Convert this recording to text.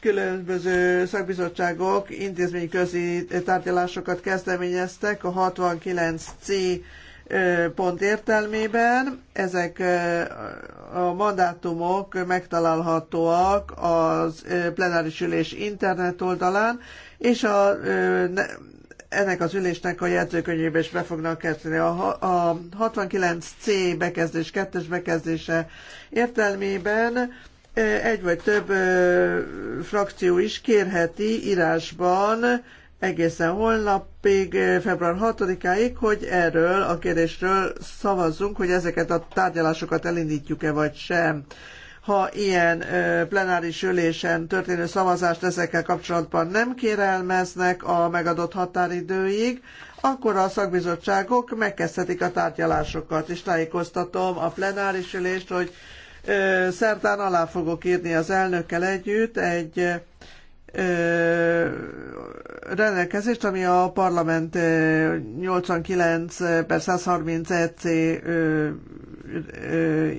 Különböző szakbizottságok intézményközi tárgyalásokat kezdeményeztek a 69C pont értelmében. Ezek a mandátumok megtalálhatóak az plenáris ülés internet oldalán, és a, ennek az ülésnek a jegyzőkönyvébe is be fognak kezdeni. A, a 69C bekezdés, kettes bekezdése értelmében egy vagy több frakció is kérheti írásban egészen holnapig, február 6-áig, hogy erről a kérdésről szavazzunk, hogy ezeket a tárgyalásokat elindítjuk-e vagy sem. Ha ilyen plenáris ülésen történő szavazást ezekkel kapcsolatban nem kérelmeznek a megadott határidőig, akkor a szakbizottságok megkezdhetik a tárgyalásokat, és tájékoztatom a plenáris ülést, hogy szerdán alá fogok írni az elnökkel együtt egy rendelkezést, ami a parlament 89 per 130 EC